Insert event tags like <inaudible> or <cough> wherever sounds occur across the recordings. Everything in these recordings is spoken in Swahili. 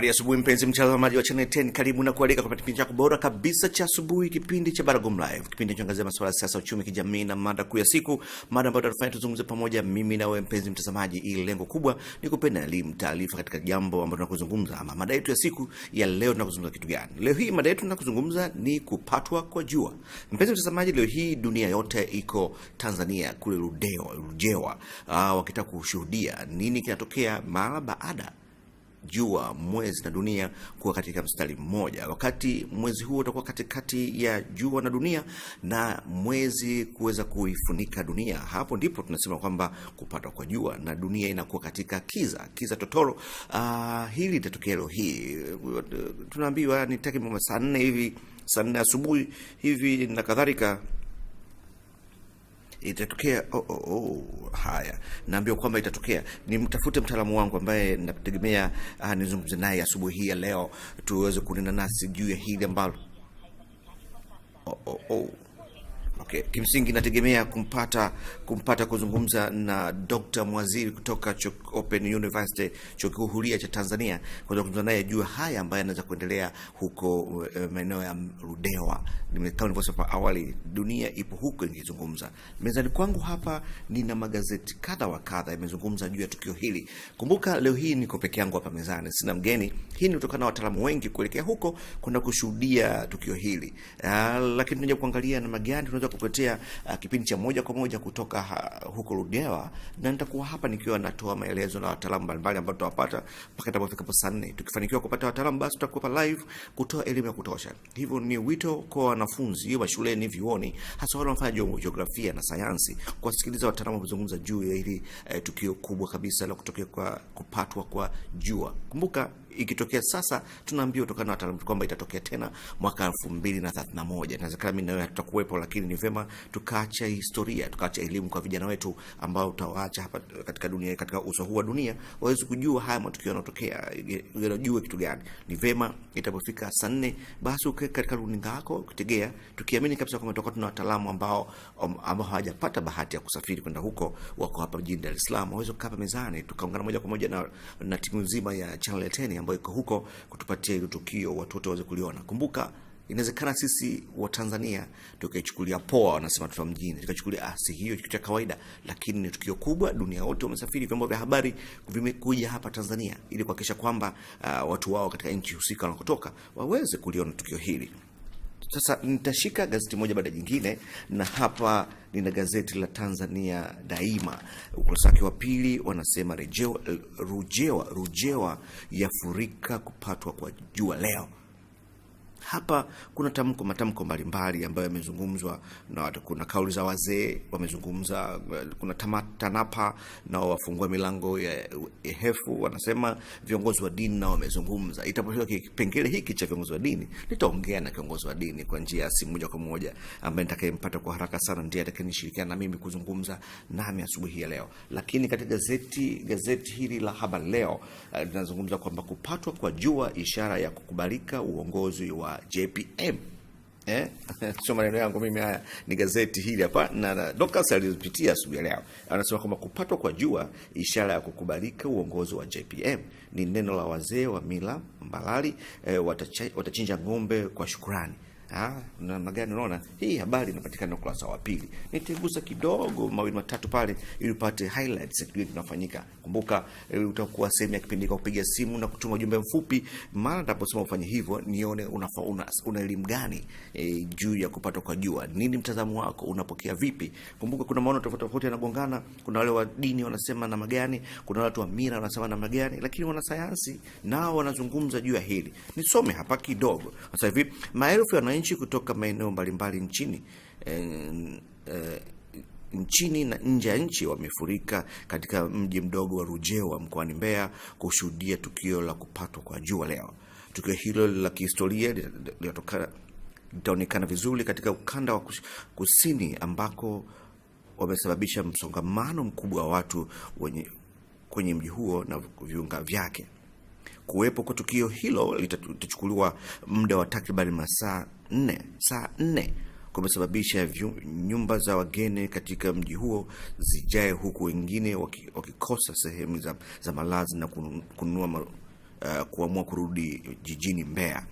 Habari ya asubuhi mpenzi mtazamaji wa Channel 10, karibu na kualika kwa kipindi chako bora kabisa cha asubuhi, kipindi cha Baragom Live, kipindi kinachoangazia masuala ya siasa, uchumi, kijamii na mada kuu ya siku, mada ambayo tutafanya tuzungumze pamoja, mimi na wewe mpenzi mtazamaji, ili lengo kubwa ni kupenda elimu, taarifa katika jambo ambalo tunakuzungumza, ama mada yetu ya siku ya leo. Tunakuzungumza kitu gani leo hii? Mada yetu tunakuzungumza ni kupatwa kwa jua. Mpenzi mtazamaji, leo hii dunia yote iko Tanzania kule rudeo rujewa uh, ah, wakitaka kushuhudia nini kinatokea mara baada jua, mwezi na dunia kuwa katika mstari mmoja, wakati mwezi huo utakuwa katikati ya jua na dunia na mwezi kuweza kuifunika dunia. Hapo ndipo tunasema kwamba kupatwa kwa jua na dunia inakuwa katika kiza, kiza totoro. Uh, hili litatokea leo hii, tunaambiwa ni takriban saa nne hivi, saa nne asubuhi hivi na kadhalika itatokea oh, oh, oh. Haya, naambiwa kwamba itatokea. Nimtafute mtaalamu wangu ambaye nategemea ah, nizungumze naye asubuhi hii ya leo, tuweze kunena nasi juu ya hili ambalo oh, oh, oh. Okay. Kimsingi nategemea kumpata kumpata kuzungumza na Dr. Mwaziri kutoka Chuk Open University chuo kikuu huria cha Tanzania kuweza kuzungumza naye juu haya ambayo anaweza kuendelea huko uh, maeneo ya rudewa Kama ilivyosema awali, dunia ipo huko ingizungumza. Mezani kwangu hapa nina magazeti kadha wa kadha yamezungumza juu ya tukio hili. Kumbuka leo hii niko peke yangu hapa mezani, sina mgeni. Hii ni kutokana na wataalamu wengi kuelekea huko kwenda kushuhudia tukio hili. Uh, lakini tunajaribu kuangalia namna gani tunaweza nitakupatia uh, kipindi cha moja kwa moja kutoka uh, huko Ludewa, na nitakuwa hapa nikiwa natoa maelezo na wataalamu mbalimbali ambao tutawapata mpaka itapofika hapo saa nne. Tukifanikiwa kupata wataalamu, basi tutakuwa live kutoa elimu ya kutosha. Hivyo ni wito kwa wanafunzi wa shuleni, vioni, hasa wale wanafanya jiografia na sayansi, kuwasikiliza wataalamu wakizungumza juu ya hili uh, tukio kubwa kabisa la kutokea kwa kupatwa kwa jua. Kumbuka ikitokea sasa, tunaambia utokana na kwamba itatokea tena mwaka 2031. Inawezekana mimi na wewe hatutakuwepo, lakini ni vema tukaacha historia, tukaacha elimu kwa vijana wetu ambao utawaacha hapa katika dunia, katika uso huu wa dunia, waweze kujua haya matukio yanayotokea, yanajue kitu gani. Ni vema itapofika saa nne, basi ukae katika runinga yako ukitegea, tukiamini kabisa kwamba tutakuwa tuna wataalamu ambao um, ambao hawajapata bahati ya kusafiri kwenda huko, wako hapa mjini Dar es Salaam, waweze kukaa mezani, tukaungana moja kwa moja na, na timu nzima ya Channel 10 ambayo iko huko kutupatia hilo tukio, watu wote waweze kuliona. Kumbuka inawezekana sisi wa Tanzania tukaichukulia poa, wanasema tuta mjini, tukachukulia ah, si hiyo kitu cha kawaida, lakini ni tukio kubwa. Dunia wote wamesafiri, vyombo vya habari vimekuja hapa Tanzania ili kuhakikisha kwamba uh, watu wao katika nchi husika wanakotoka waweze kuliona tukio hili. Sasa nitashika gazeti moja baada jingine, na hapa nina gazeti la Tanzania Daima ukurasa wake wa pili wanasema, rujewa eh, rujewa yafurika kupatwa kwa jua leo hapa kuna tamko matamko mbalimbali ambayo yamezungumzwa na kuna kauli za wazee wamezungumza. Kuna tamatanapa nao wafungua milango ya hefu, wanasema viongozi wa dini nao wamezungumza. Itapotoka kipengele hiki cha viongozi wa dini, nitaongea na kiongozi wa dini kwa njia ya simu moja kwa moja, ambaye nitakayempata kwa haraka sana ndiye atakayenishirikiana na mimi kuzungumza nami asubuhi ya leo. Lakini katika gazeti gazeti hili la Habari Leo eh, linazungumza kwamba kupatwa kwa jua ishara ya kukubalika uongozi wa JPM eh? <laughs> sio maneno yangu mimi, haya ni gazeti hili hapa, na Dorcas alizopitia asubuhi ya leo. Anasema kwamba kupatwa kwa jua ishara ya kukubalika uongozi wa JPM, ni neno la wazee wa mila Mbalali eh, watachinja ng'ombe kwa shukrani Ah, namna gani? Unaona hii habari inapatikana ukurasa wa pili. Nitegusa kidogo mawili matatu pale ili upate highlights kile kinafanyika. Kumbuka eh, utakuwa sehemu ya kipindi kwa kupiga simu na kutuma ujumbe mfupi. Mara nitaposema ufanye hivyo, nione una, una elimu gani e, juu ya kupata kwa jua nini, mtazamo wako unapokea vipi? Kumbuka kuna maono tofauti tofauti yanagongana. Kuna wale wa dini wanasema namna gani, kuna watu wa mira wanasema namna gani, lakini wanasayansi nao wanazungumza juu ya hili. Nisome hapa kidogo sasa hivi, maelfu ya wananchi wananchi kutoka maeneo mbalimbali nchini e, e, nchini na nje ya nchi wamefurika katika mji mdogo wa Rujewa mkoani Mbeya kushuhudia tukio la kupatwa kwa jua leo. Tukio hilo la kihistoria litaonekana vizuri katika ukanda wa kusini ambako wamesababisha msongamano mkubwa wa watu wenye, kwenye mji huo na viunga vyake. Kuwepo kwa tukio hilo litachukuliwa muda wa takriban masaa nne saa nne kumesababisha nyumba za wageni katika mji huo zijae, huku wengine wakikosa sehemu za, za malazi na kununua uh, kuamua kurudi jijini mbea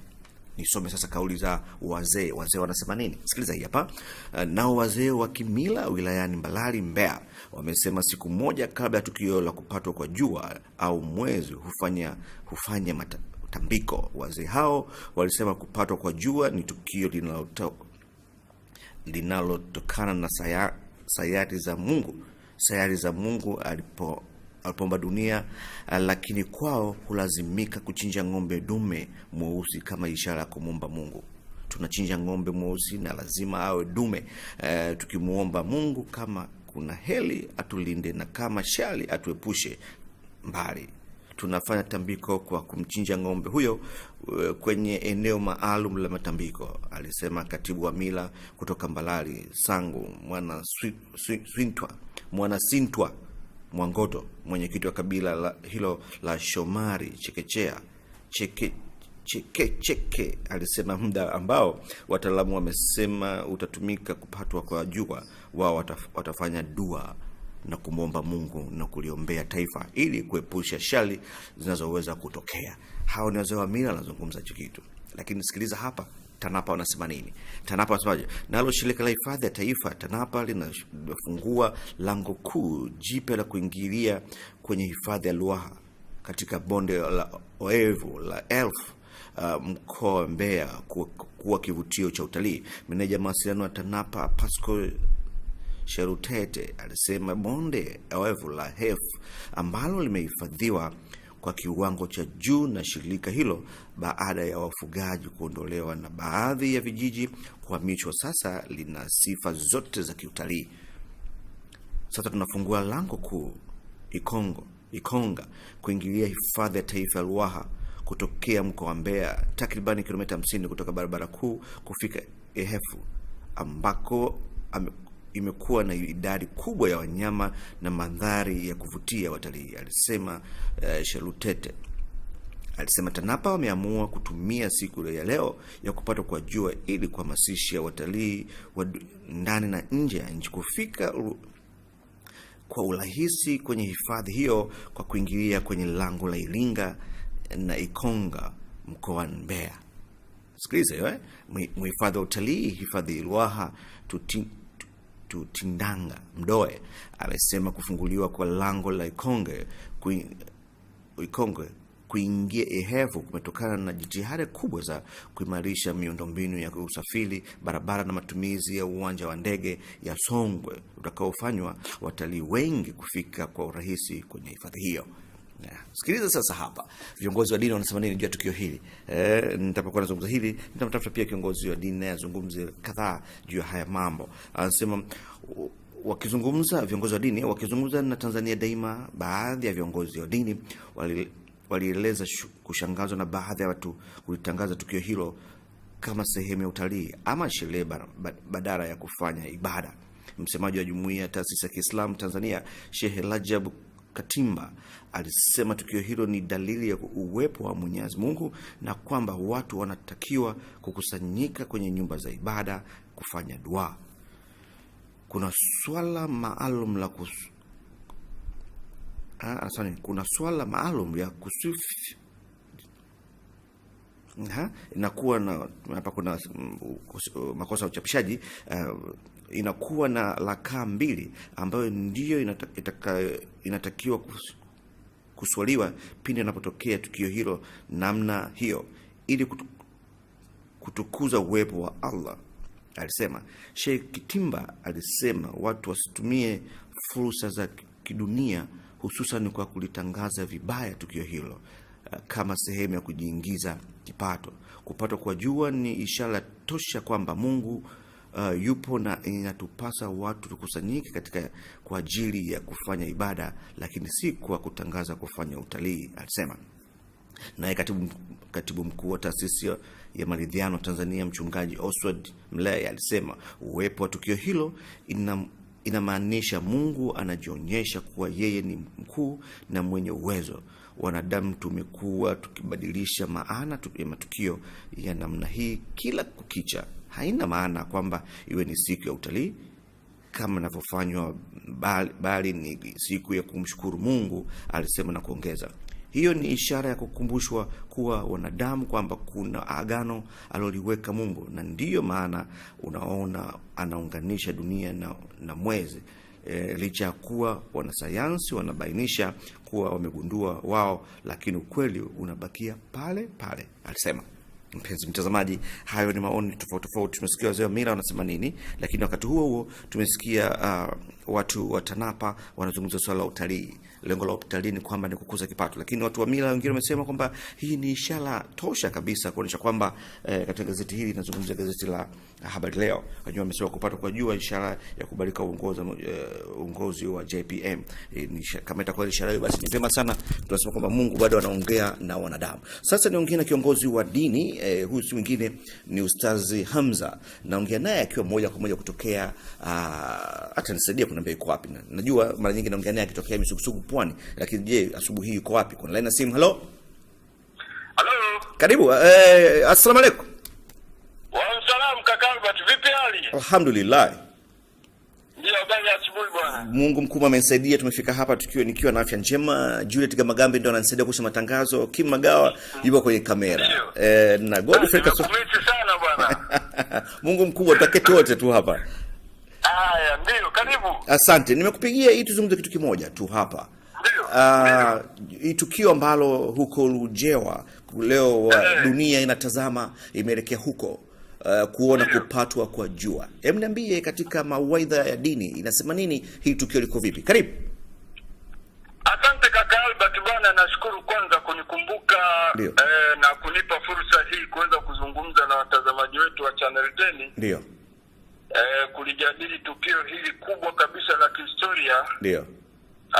Nisome sasa kauli za wazee. Wazee wanasema nini? Sikiliza hii hapa. Eh, nao wazee wa kimila wilayani Mbalali, mbea wamesema siku moja kabla ya tukio la kupatwa kwa jua au mwezi hufanya hufanya matambiko tambiko. Wazee hao walisema kupatwa kwa jua ni tukio linalotokana na sayari za Mungu, sayari za Mungu alipo walipomba dunia, eh, lakini kwao hulazimika kuchinja ng'ombe dume mweusi kama ishara ya kumwomba Mungu. Tunachinja ng'ombe mweusi na lazima awe dume e, tukimwomba Mungu kama kuna heli atulinde na kama shari atuepushe mbali. Tunafanya tambiko kwa kumchinja ng'ombe huyo eh, kwenye eneo maalum la matambiko, alisema katibu wa mila kutoka Mbalali Sangu mwana Swintwa, mwana Sintwa Mwangoto, mwenyekiti wa kabila la, hilo la Shomari Chekechea Cheke, cheke cheke alisema muda ambao wataalamu wamesema utatumika kupatwa kwa jua wao wataf, watafanya dua na kumwomba Mungu na kuliombea taifa ili kuepusha shali zinazoweza kutokea. Hao ni wazee wa mila wanazungumza hicho kitu, lakini sikiliza hapa. TANAPA wanasema nini? TANAPA wanasemaje? Nalo shirika la hifadhi ya taifa TANAPA linafungua lango kuu jipya la kuingilia kwenye hifadhi ya Ruaha katika bonde la oevu la Elf Uh, mkoa wa Mbeya kuwa, kuwa kivutio cha utalii. Meneja mawasiliano ya TANAPA Pasco Sherutete alisema bonde oevu la hef ambalo limehifadhiwa kwa kiwango cha juu na shirika hilo baada ya wafugaji kuondolewa na baadhi ya vijiji kuhamishwa, sasa lina sifa zote za kiutalii. Sasa tunafungua lango kuu Ikongo Ikonga kuingilia hifadhi ya taifa ya Ruaha kutokea mkoa wa Mbeya, takribani kilomita 50 kutoka barabara kuu kufika Ehefu ambako imekuwa na idadi kubwa ya wanyama na mandhari ya kuvutia watalii, alisema uh, eh, Shelutete. Alisema TANAPA wameamua kutumia siku ya leo ya kupatwa kwa jua ili kuhamasisha watalii wa ndani na nje ya nchi kufika kwa urahisi kwenye hifadhi hiyo kwa kuingilia kwenye lango la Iringa na Ikonga mkoani Mbeya. Sikiliza hiyo eh, mhifadhi wa utalii hifadhi Ruaha Tindanga Mdoe amesema kufunguliwa kwa lango la Ikonge kuing, Ikonge kuingia Ihevu kumetokana na jitihada kubwa za kuimarisha miundombinu ya usafiri, barabara na matumizi ya uwanja wa ndege ya Songwe utakaofanywa watalii wengi kufika kwa urahisi kwenye hifadhi hiyo. Yeah. Sikiliza sasa hapa. Viongozi wa dini wanasema nini juu ya tukio hili? Eh, nitapokuwa nazungumza hili, nitamtafuta pia kiongozi wa dini naye azungumze kadhaa juu ya haya mambo. Anasema wakizungumza viongozi wa dini wakizungumza na Tanzania Daima, baadhi ya viongozi wa dini walieleza kushangazwa na baadhi ya watu kulitangaza tukio hilo kama sehemu ya utalii ama sherehe badala ya kufanya ibada. Msemaji wa jumuiya taasisi ya Kiislamu Tanzania Shehe Rajab Katimba alisema tukio hilo ni dalili ya uwepo wa Mwenyezi Mungu na kwamba watu wanatakiwa kukusanyika kwenye nyumba za ibada kufanya dua. Kuna swala maalum la kus... ha, ah, asani, kuna swala maalum ya kusufi inakuwa na hapa kuna mm, makosa ya uchapishaji uh, inakuwa na rakaa mbili ambayo ndiyo inataka, inatakiwa kuswaliwa pindi inapotokea tukio hilo namna hiyo, ili kutukuza uwepo wa Allah. Alisema Sheikh Kitimba, alisema watu wasitumie fursa za kidunia, hususan kwa kulitangaza vibaya tukio hilo eh, kama sehemu ya kujiingiza kipato. Kupatwa kwa jua ni ishara tosha kwamba Mungu uh, yupo na inatupasa watu tukusanyike katika kwa ajili ya kufanya ibada, lakini si kwa kutangaza kufanya utalii, alisema. Naye katibu, katibu mkuu wa taasisi ya maridhiano Tanzania mchungaji Oswald Mlei alisema uwepo wa tukio hilo ina inamaanisha Mungu anajionyesha kuwa yeye ni mkuu na mwenye uwezo. Wanadamu tumekuwa tukibadilisha maana ya matukio ya namna hii kila kukicha haina maana kwamba iwe ni siku ya utalii kama inavyofanywa bali, bali ni siku ya kumshukuru Mungu, alisema na kuongeza, hiyo ni ishara ya kukumbushwa kuwa wanadamu kwamba kuna agano aloliweka Mungu, na ndiyo maana unaona anaunganisha dunia na, na mwezi e, licha ya kuwa wanasayansi wanabainisha kuwa wamegundua wao, lakini ukweli unabakia pale pale, alisema. Mpenzi mtazamaji, hayo ni maoni tofauti tofauti. Tumesikia wazee wa mila wanasema nini, lakini wakati huo huo tumesikia uh, watu wa TANAPA wanazungumza swala la utalii. Lengo la utalii ni kwamba ni kukuza kipato, lakini watu wa mila wengine wamesema kwamba hii ni ishara tosha kabisa kuonyesha kwamba eh, katika gazeti hili linazungumzia gazeti la Habari Leo, wenyewe wamesema kupata kwa jua ishara ya kubalika uongozi eh, uongozi wa JPM. E, eh, kama itakuwa ishara hiyo, basi ni pema sana. Tunasema kwamba Mungu bado anaongea na wanadamu. Sasa niongee na kiongozi wa dini eh, huyu si mwingine ni Ustazi Hamza, naongea naye akiwa moja kwa moja kutokea, uh, ah, atanisaidia namba yuko wapi? na Najua mara nyingi naongea naye akitokea misugusugu pwani, lakini je, asubuhi hii yuko wapi? Kuna line ya simu. hello hello karibu. Eh, assalamu alaykum. Wa salam kaka vipi hali? Alhamdulillah. Mungu mkubwa amenisaidia tumefika hapa tukiwa nikiwa na afya njema. Juliet Gamagambi ndo ananisaidia kuhusu matangazo. Kim Magawa yupo kwenye kamera. Eh, na Godfrey Kaso. <laughs> Mungu mkubwa taketi wote tu hapa. Haya, ndio. Karibu. Asante, nimekupigia hii tuzungumze kitu kimoja tu hapa. Uh, tukio ambalo huko Lujewa leo uh, dunia inatazama imeelekea huko uh, kuona kupatwa kwa jua. Hem, niambie, katika mawaidha ya dini inasema nini hii tukio, liko vipi? Karibu. Asante kaka Albert, bwana nashukuru kwanza kunikumbuka eh, na kunipa fursa hii kuweza kuzungumza na watazamaji wetu wa Channel 10. Ndio eh, kulijadili tukio hili kubwa kabisa la kihistoria ndio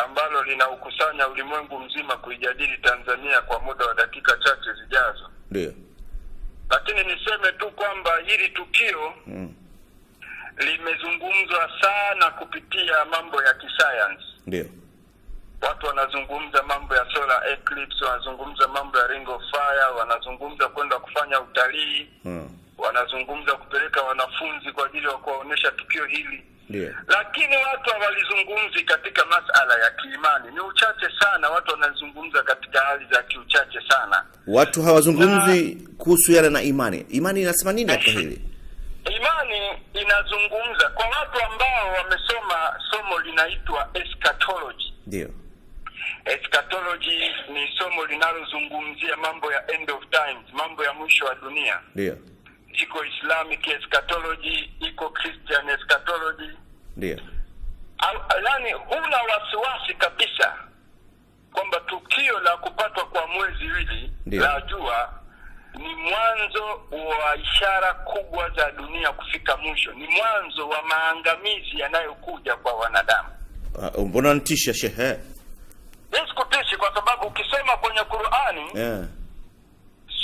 ambalo linaukusanya ulimwengu mzima kuijadili Tanzania kwa muda wa dakika chache zijazo. Ndio, lakini niseme tu kwamba hili tukio mm, limezungumzwa sana kupitia mambo ya kisayansi. Ndio, watu wanazungumza mambo ya solar eclipse, wanazungumza mambo ya ring of fire, wanazungumza kwenda kufanya utalii mm wanazungumza kupeleka wanafunzi kwa ajili ya kuwaonyesha tukio hili yeah. Lakini watu hawalizungumzi katika masala ya kiimani, ni uchache sana watu wanazungumza katika hali za kiuchache sana. Watu hawazungumzi yale na imani. Imani inasema nini katika hili? Imani inazungumza kwa watu ambao wamesoma somo linaitwa eschatology. Ndio. Eschatology ni somo linalozungumzia mambo ya end of times, mambo ya mwisho wa dunia. Ndio iko Islamic eschatology, iko Christian eschatology. Ndio yani huna wasiwasi kabisa kwamba tukio la kupatwa kwa mwezi hili la jua ni mwanzo wa ishara kubwa za dunia kufika mwisho, ni mwanzo wa maangamizi yanayokuja kwa wanadamu. Ah, mbona nitisha shehe? Sikutishi kwa sababu ukisema kwenye Qur'ani yeah.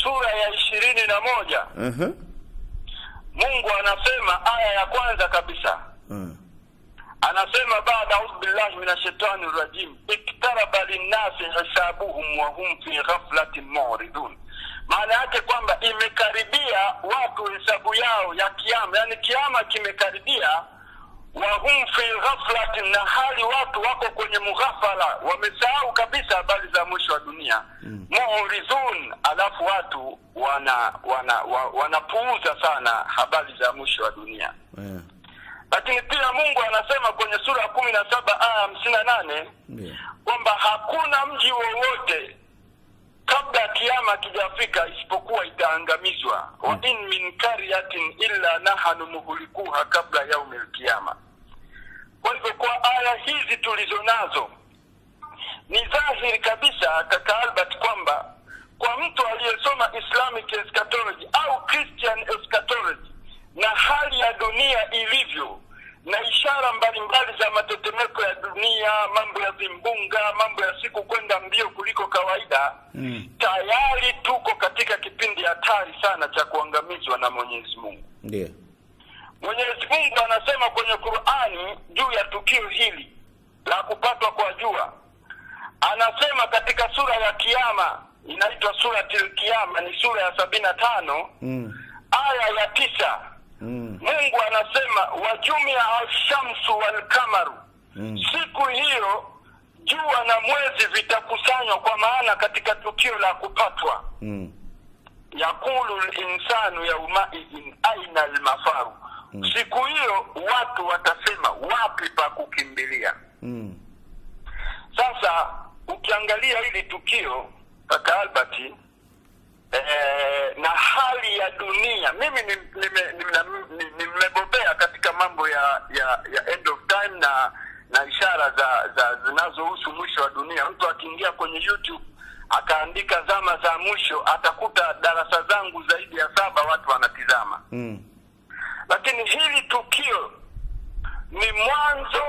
sura ya ishirini na moja uh -huh. Mungu anasema aya ya kwanza kabisa mm. anasema baada audhu billahi min ashaitani rajim iktaraba linnasi hisabuhum wahum fi ghaflatin muridun, maana yake kwamba imekaribia watu hesabu yao ya kiama, yani kiama kimekaribia wa hum fi ghaflati, na hali watu wako kwenye mughafala, wamesahau kabisa habari za mwisho wa dunia mm. alafu watu wana wanapuuza wana, wana sana habari za mwisho wa dunia yeah. Lakini pia Mungu anasema kwenye sura ya kumi na saba aya hamsini na nane kwamba hakuna mji wowote kabla ya kiama kijafika isipokuwa itaangamizwa, mm. wa in min karyatin illa nahnu muhlikuha kabla yaumil qiyama. Kwa hivyo kwa aya hizi tulizo nazo ni dhahiri kabisa kaka Albert kwamba kwa mtu aliyesoma Islamic eschatology au Christian eschatology na hali ya dunia ilivyo na ishara mbalimbali za matetemeko ya dunia, mambo ya vimbunga, mambo ya siku kwenda mbio kuliko kawaida mm. Tayari tuko katika kipindi hatari sana cha kuangamizwa na Mwenyezi Mungu, yeah. Mwenyezi Mungu anasema kwenye Qur'ani juu ya tukio hili la kupatwa kwa jua, anasema katika sura ya Kiyama, inaitwa suratil Kiyama, ni sura ya sabini na tano mm. aya ya tisa mm. Mungu anasema wajumia alshamsu walkamaru mm. siku hiyo jua na mwezi vitakusanywa, kwa maana katika tukio la kupatwa mm. yakulu linsanu yaumaidhin aina almafaru mm. siku hiyo watu watasema wapi pa kukimbilia mm. Sasa ukiangalia hili tukio kaka Albert eh, na hali ya dunia, mimi nimebobea nime, nime, nime katika mambo ya, ya ya end of time na na ishara za za zinazohusu mwisho wa dunia. Mtu akiingia kwenye YouTube akaandika zama za mwisho atakuta darasa zangu zaidi ya saba watu wanatizama mm. Lakini hili tukio ni mwanzo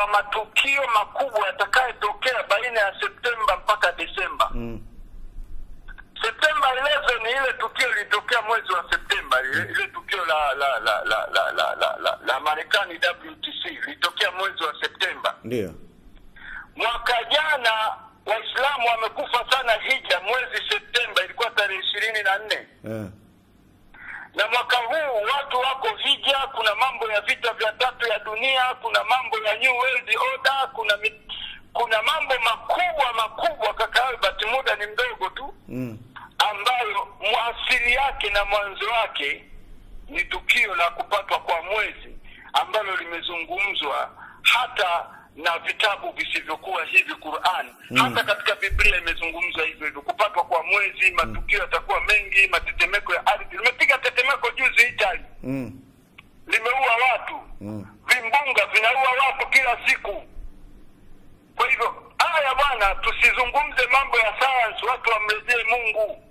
wa matukio makubwa yatakayotokea baina ya Septemba mpaka Desemba. Mm. Septemba 11 ni ile tukio lilitokea mwezi wa Septemba, mm. ile tukio la la la la la la la, la, la Marekani WTC lilitokea mwezi wa Septemba. Ndio. Mwaka jana Waislamu wamekufa sana hija, mwezi Septemba ilikuwa tarehe ishirini na nne. Eh na mwaka huu watu wako vija, kuna mambo ya vita vya tatu ya dunia, kuna mambo ya New World Order, kuna mi, kuna mambo makubwa makubwa kaka Albert, muda ni mdogo tu mm, ambayo mwasili yake na mwanzo wake ni tukio la kupatwa kwa mwezi ambalo limezungumzwa hata na vitabu visivyokuwa hivi Qur'an. Mm. Hata katika Biblia imezungumzwa hivyo hivyo, kupatwa kwa mwezi, matukio yatakuwa mengi, matetemeko ya ardhi. Limepiga tetemeko juzi Italy. Mm. Limeua watu. Mm. Vimbunga vinaua watu kila siku. Kwa hivyo, haya bwana, tusizungumze mambo ya sayansi, watu wamrejee Mungu.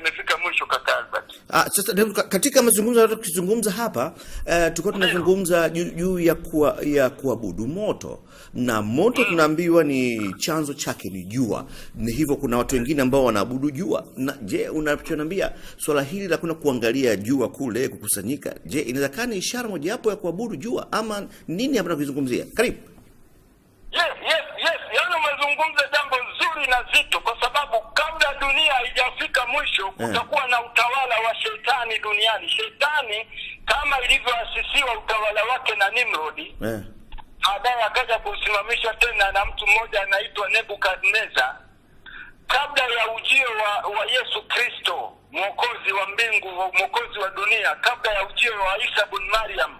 imefika mwisho kaka Albert. Ah, sasa katika mazungumzo yote tukizungumza hapa eh, tulikuwa tunazungumza juu ya kuwa, ya kuabudu moto na moto mm. Tunaambiwa ni chanzo chake ni jua, ni hivyo kuna watu wengine ambao wanaabudu jua. Na je, unachoniambia swala hili la kuna kuangalia jua kule kukusanyika, je, inaweza ni ishara mojawapo ya kuabudu jua ama nini hapa tunazungumzia? Karibu. Yes, yes, yes. Yaani umezungumza jambo sababu na zito, kwa sababu kabla dunia haijafika mwisho eh. kutakuwa na utawala wa shetani duniani. Shetani kama ilivyoasisiwa utawala wake na Nimrodi eh. baadaye akaja kusimamisha tena na mtu mmoja anaitwa Nebukadneza kabla ya ujio wa, wa Yesu Kristo mwokozi wa mbingu, mwokozi wa dunia, kabla ya ujio wa Isa bin Mariam,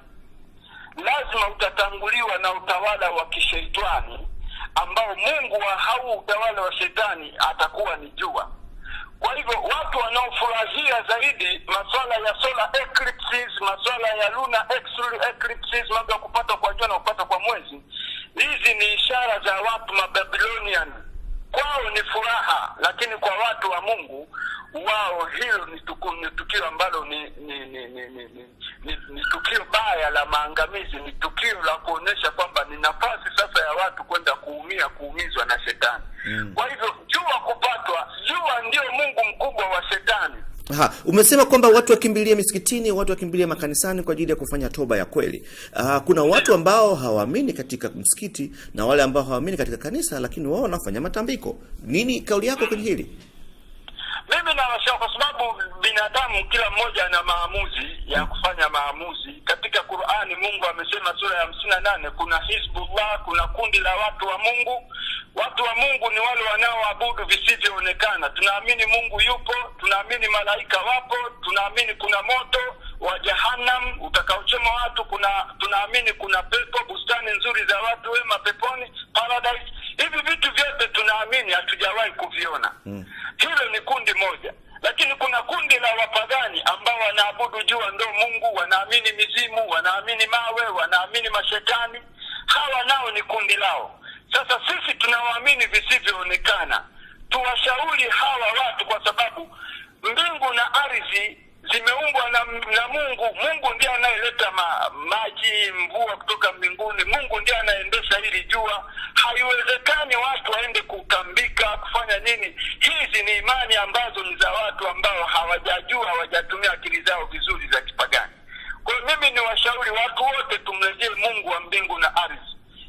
lazima utatanguliwa na utawala wa kishetani ambao Mungu wa hau utawala wa shetani atakuwa ni jua. Kwa hivyo watu wanaofurahia zaidi masuala ya solar eclipses, masuala ya lunar eclipses, mambo ya kupata kwa jua na kupata kwa mwezi, hizi ni ishara za watu Mababilonian kwao ni furaha, lakini kwa watu wa Mungu wao hilo ni, tuku, ni tukio ambalo ni ni ni, ni, ni, ni, ni ni tukio baya la maangamizi, ni tukio la kuonyesha kwamba ni nafasi sasa ya watu kwenda kuumia kuumizwa na shetani mm. Kwa hivyo jua kupatwa, jua ndio mungu mkubwa wa shetani Ha, umesema kwamba watu wakimbilia misikitini, watu wakimbilia makanisani kwa ajili ya kufanya toba ya kweli. Ha, kuna watu ambao hawaamini katika msikiti na wale ambao hawaamini katika kanisa, lakini wao wanafanya matambiko. Nini kauli yako kwenye hili? Mimi nawashauri kwa sababu binadamu kila mmoja ana maamuzi ya kufanya maamuzi. Katika Qur'ani Mungu amesema sura ya hamsini na nane kuna Hizbullah, kuna kundi la watu wa Mungu. Watu wa Mungu ni wale wanaoabudu visivyoonekana. Tunaamini Mungu yupo, tunaamini malaika wapo, tunaamini kuna moto wa Jahannam utakaochoma watu, kuna tunaamini kuna pepo, bustani nzuri za watu wema peponi, paradise. Hivi vitu vyote tunaamini, hatujawahi kuviona. Mm. Hilo ni kundi moja, lakini kuna kundi la wapagani ambao wanaabudu jua ndo Mungu, wanaamini mizimu, wanaamini mawe, wanaamini mashetani. Hawa nao ni kundi lao. Sasa sisi tunawaamini visivyoonekana, tuwashauri hawa watu, kwa sababu mbingu na ardhi zimeumbwa na, na Mungu. Mungu ndiye anayeleta ma, maji, mvua kutoka mbinguni. Mungu ndiye anaendesha hili jua. Haiwezekani watu waende kutambika kufanya nini. Hizi ni imani ambazo ni za watu ambao hawajajua, hawajatumia akili zao vizuri za kipagani. Kwa hiyo mimi ni washauri watu wote tumrejee Mungu wa mbingu na ardhi.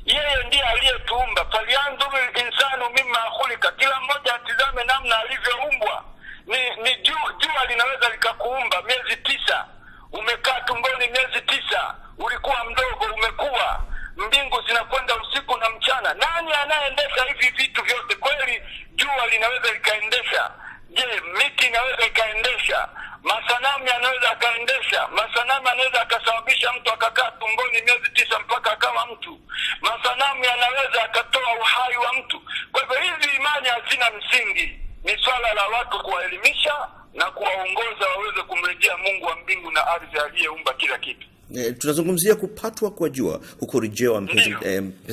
Yeye ndiye aliyetuumba, falyanzuru insanu mimma khuliqa, kila mmoja atizame namna alivyoumbwa ni, ni jua, jua linaweza likakuumba miezi tisa, umekaa tumboni miezi tisa, ulikuwa mdogo, umekuwa mbingu zinakwenda usiku na mchana. Nani anayeendesha hivi vitu vyote? Kweli jua linaweza likaendesha? Je, miti inaweza ikaendesha? Masanamu anaweza akaendesha? Masanamu anaweza akasababisha mtu akakaa tumboni miezi tisa mpaka akawa mtu. Masanamu anaweza akatoa uhai wa mtu. Kwa hivyo hizi imani hazina msingi ni swala la watu kuwaelimisha na kuwaongoza waweze kumrejea Mungu wa mbingu na ardhi aliyeumba kila kitu. E, tunazungumzia kupatwa kwa jua huko rejeo, eh, mpenzi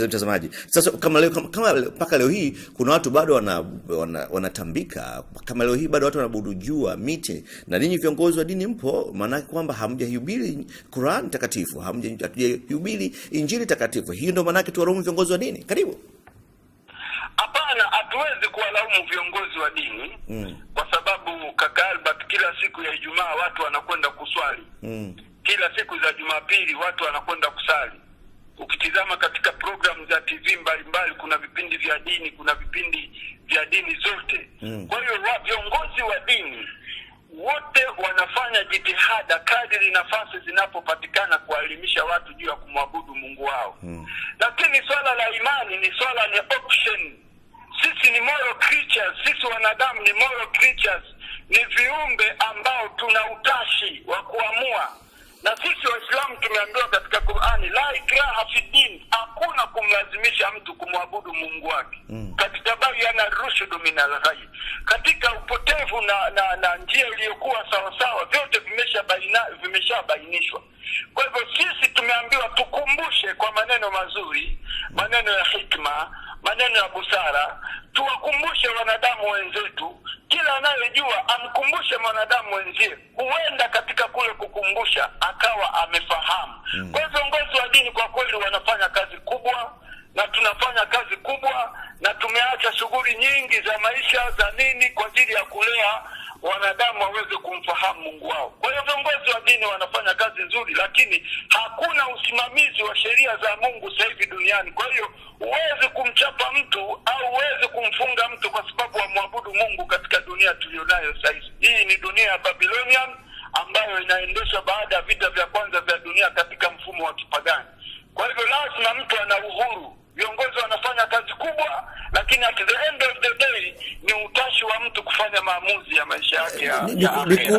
mtazamaji. Sasa kama leo kama mpaka leo hii kuna watu bado wanatambika wana, wanatambika kama leo hii bado watu wanabudu jua, miti, na ninyi viongozi wa dini mpo, maanake kwamba hamjahubiri Qur'an takatifu, hamjahubiri Injili takatifu. Hii ndio maanake tuwarumu viongozi wa dini. Karibu. Hapana, hatuwezi kuwalaumu viongozi wa dini mm. kwa sababu kaka Albert, kila siku ya Ijumaa watu wanakwenda kuswali mm. kila siku za Jumapili watu wanakwenda kusali. Ukitizama katika programu za TV mbalimbali, kuna vipindi vya dini, kuna vipindi vya dini zote mm. kwa hiyo viongozi wa dini wote wanafanya jitihada kadiri nafasi zinapopatikana kuwaelimisha watu juu ya kumwabudu Mungu wao mm. lakini swala la imani ni swala ni option sisi ni moral creatures, sisi wanadamu ni moral creatures, ni viumbe ambao tuna utashi wa kuamua, na sisi Waislamu tumeambiwa katika Qur'ani, la ikraha fi din, hakuna kumlazimisha mtu kumwabudu Mungu wake mm. katika ana rushdu min alghai, katika upotevu na, na, na njia iliyokuwa sawasawa, vyote vimeshabainishwa. Kwa hivyo sisi tumeambiwa tukumbushe kwa maneno mazuri, maneno ya hikma maneno ya busara, tuwakumbushe wanadamu wenzetu, kila anayejua amkumbushe mwanadamu wenzie, huenda katika kule kukumbusha akawa amefahamu. Mm. Kwa viongozi wa dini kwa kweli wanafanya kazi kubwa, na tunafanya kazi kubwa, na tumeacha shughuli nyingi za maisha za nini kwa ajili ya kulea wanadamu waweze kumfahamu Mungu wao. Kwa hiyo viongozi wa dini wanafanya kazi nzuri, lakini hakuna usimamizi wa sheria za Mungu sasa hivi duniani. Kwa hiyo huwezi kumchapa mtu au huwezi kumfunga mtu kwa sababu amwabudu Mungu katika dunia tuliyonayo saizi. Hii ni dunia ya Babylonian ambayo inaendeshwa baada ya vita vya kwanza vya dunia katika mfumo wa kipagani. Kwa hivyo lazima mtu ana uhuru, viongozi wanafanya kazi kubwa, lakini at the end of the day ni utashi wa mtu kufanya maamuzi ya maisha yake ya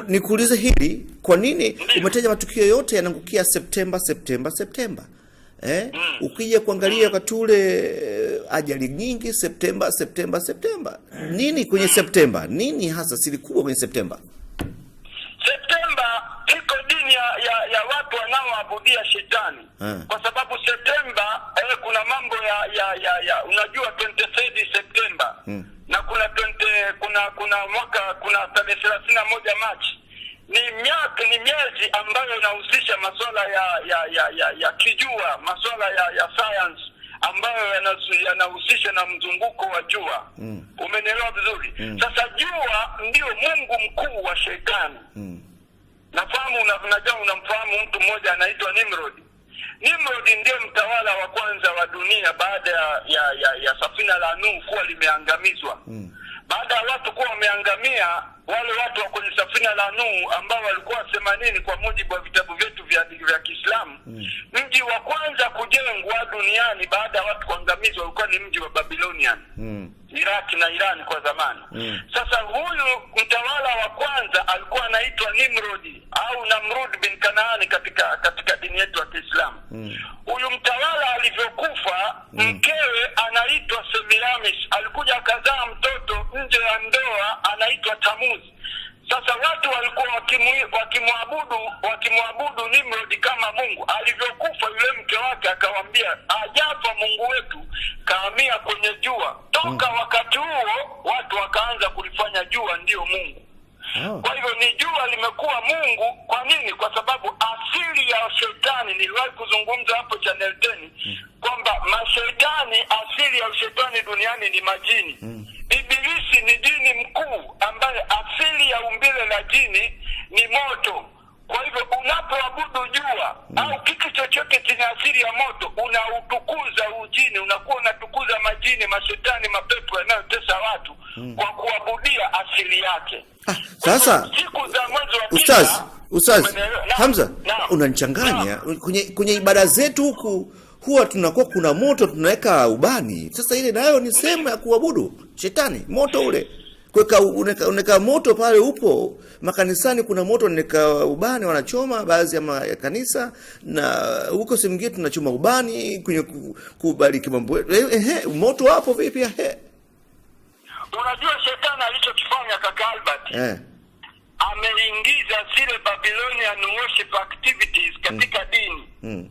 Nikuulize hili, kwa nini umetaja matukio yote yanaangukia Septemba, Septemba, Septemba? eh? Mm. Ukija kuangalia wakati ule eh, ajali nyingi Septemba, Septemba, Septemba mm. nini kwenye Septemba, nini hasa siri kubwa kwenye Septemba? Septemba iko dini ya, ya, ya watu wanaoabudia shetani ha. Kwa sababu Septemba eh, kuna mambo ya, ya, ya, ya unajua 23 Septemba hmm. na kuna 20, kuna kuna mwaka kuna tarehe 31 Machi ni miaka ni miezi ambayo inahusisha masuala ya ya ya ya, ya kijua masuala ya, ya science ambayo yanahusisha na mzunguko wa jua mm. Umenielewa vizuri mm. Sasa jua ndio mungu mkuu wa shetani mm. Nafahamu unajua, unamfahamu mtu mmoja anaitwa Nimrod. Nimrod ndiye mtawala wa kwanza wa dunia baada ya ya, ya, ya safina la Nuhu kuwa limeangamizwa mm. Baada ya watu kuwa wameangamia wale watu wa kwenye safina la Nuhu ambao walikuwa themanini kwa mujibu wa vitabu vyetu vya vya Kiislamu mm. Mji wa kwanza kujengwa duniani baada ya watu kuangamizwa ulikuwa ni mji wa Babilonian mm. Iraq na Iran kwa zamani mm. Sasa huyu mtawala wa kwanza alikuwa anaitwa Nimrod au Namrud bin Kanaani katika katika dini yetu ya Kiislamu mm. Huyu mtawala alivyokufa mm. mkewe anaitwa Semiramis alikuja akazaa mtoto nje ya ndoa anaitwa Tamuz. Sasa watu walikuwa wakimwabudu wakimwabudu Nimrod kama Mungu. Alivyokufa yule mke wake akawambia, ajafa Mungu wetu, kaamia kwenye jua. Toka mm. wakati huo watu wakaanza kulifanya jua ndiyo Mungu. Oh. Kwa hivyo ni jua limekuwa Mungu. Kwa nini? Kwa sababu asili ya shetani, niliwahi kuzungumza hapo Channel 10 mm. kwamba mashetani, asili ya shetani duniani ni majini mm. Ibilisi ni jini mkuu ambaye umbile la jini ni moto. Kwa hivyo unapoabudu jua mm. au kitu chochote chenye asili ya moto, unautukuza ujini, unakuwa unatukuza majini, mashetani, mapepo yanayotesa watu mm. kwa kuabudia asili yake. Ah, sasa siku za mwezi wa ustaz, Hamza unanichanganya kwenye, kwenye ibada zetu huku huwa tunakuwa kuna moto tunaweka ubani. Sasa ile nayo ni sehemu ya kuabudu shetani, moto ule Kweka uneka, uneka moto pale upo makanisani, kuna moto neka ubani wanachoma baadhi ya makanisa, na huko simgie tunachoma ubani kwenye kubariki mambo yetu. Ehe, eh, eh, moto wapo vipi? Ehe, eh. unajua shetani alichokifanya kaka Albert eh, ameingiza zile Babylonian worship activities hmm. katika mm. dini mm.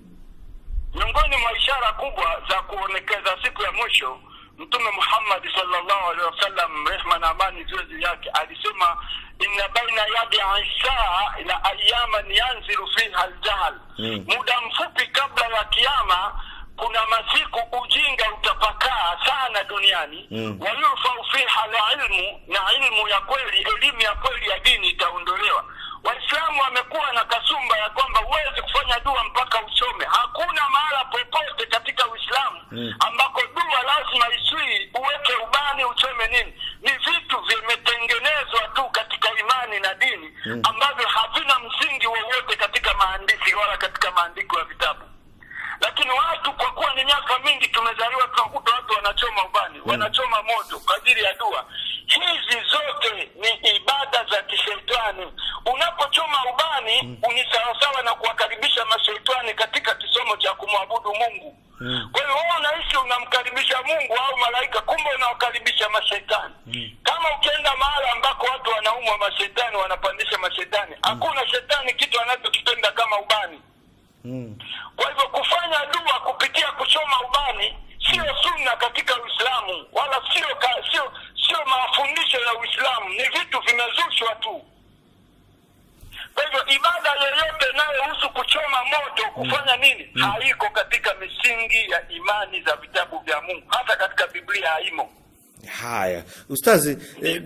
miongoni mwa ishara kubwa za kuonekeza siku ya mwisho Mtume Muhammad sallallahu alaihi wasallam, rehma na amani ziwezi yake, alisema inna baina yadi isaa ila ayama yanzilu fiha aljahal, muda mfupi kabla ya kiama kuna masiku ujinga utapakaa sana duniani mm. wayurfau fiha la ilmu na ilmu ya kweli elimu ya kweli ya dini itaondolewa waislamu wamekuwa na kasumba ya kwamba huwezi kufanya dua mpaka usome hakuna mahala popote katika uislamu mm. ambako dua lazima iswi uweke ubani usome nini ni vitu vimetengenezwa tu katika imani na dini mm. ambavyo havina msingi wowote katika maandishi wala katika maandiko ya vitabu lakini watu kwa kuwa ni miaka mingi tumezaliwa, tunakuta watu wanachoma ubani, mm. wanachoma moto kwa ajili ya dua. Hizi zote ni ibada za kishetani. Unapochoma ubani mm. ni sawasawa na kuwakaribisha mashetani katika kisomo cha kumwabudu Mungu. Mm. Kwa hiyo wao unaishi unamkaribisha Mungu au malaika, kumbe unawakaribisha mashetani. Kama ukienda mahala ambako watu wanaumwa mashetani, wanapandisha mashetani, hakuna shetani kitu anachokipenda kama ubani mm. Kwa hivyo kufanya dua kupitia kuchoma ubani sio mm. sunna katika Uislamu wala sio sio sio mafundisho ya Uislamu, ni vitu vimezushwa tu. Kwa hivyo ibada yoyote inayohusu kuchoma moto mm. kufanya nini mm. haiko katika misingi ya imani za vitabu vya Mungu, hata katika Biblia haimo. Haya, Ustazi, naamini eh, eh,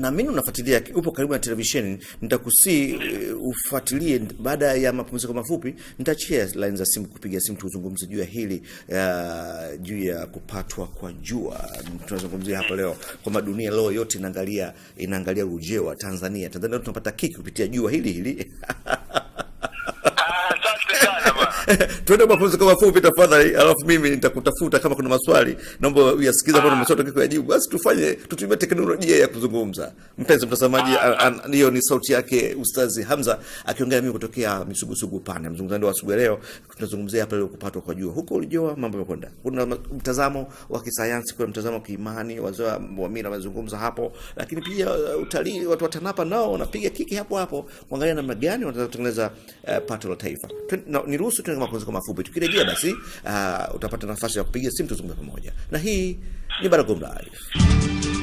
na, na unafuatilia, upo karibu na televisheni. Nitakusii eh, ufuatilie baada ya mapumziko mafupi, nitachia line za simu, kupiga simu tuzungumze juu ya hili uh, juu ya kupatwa kwa jua. Tunazungumzia hapa leo kwamba dunia leo yote inaangalia inaangalia wa Tanzania. Tanzania tunapata kiki kupitia jua hili hili <laughs> <laughs> tuende mapumziko mafupi tafadhali, alafu mimi nitakutafuta kama kuna maswali naomba uyasikiza, ah. kwa maswali tukiko yajibu, basi tufanye tutumie teknolojia ya kuzungumza. Mpenzi mtazamaji, ah. hiyo ni sauti yake Ustazi Hamza akiongea mimi kutokea Misugusugu Pande, mzungumzaji wa asubuhi leo. Tunazungumzia hapa leo kupatwa kwa jua, huko ulijoa mambo yamekwenda, kuna mtazamo wa kisayansi, kuna mtazamo wa kiimani, wazee wa muamini wamezungumza hapo, lakini pia uh, utalii, watu wa TANAPA nao wanapiga kiki hapo hapo kuangalia namna gani wanaweza kutengeneza uh, pato la taifa. Niruhusu katika mapumziko mafupi, tukirejea basi uh, utapata nafasi ya kupiga simu tuzungumze pamoja, na hii ni Baragom Live.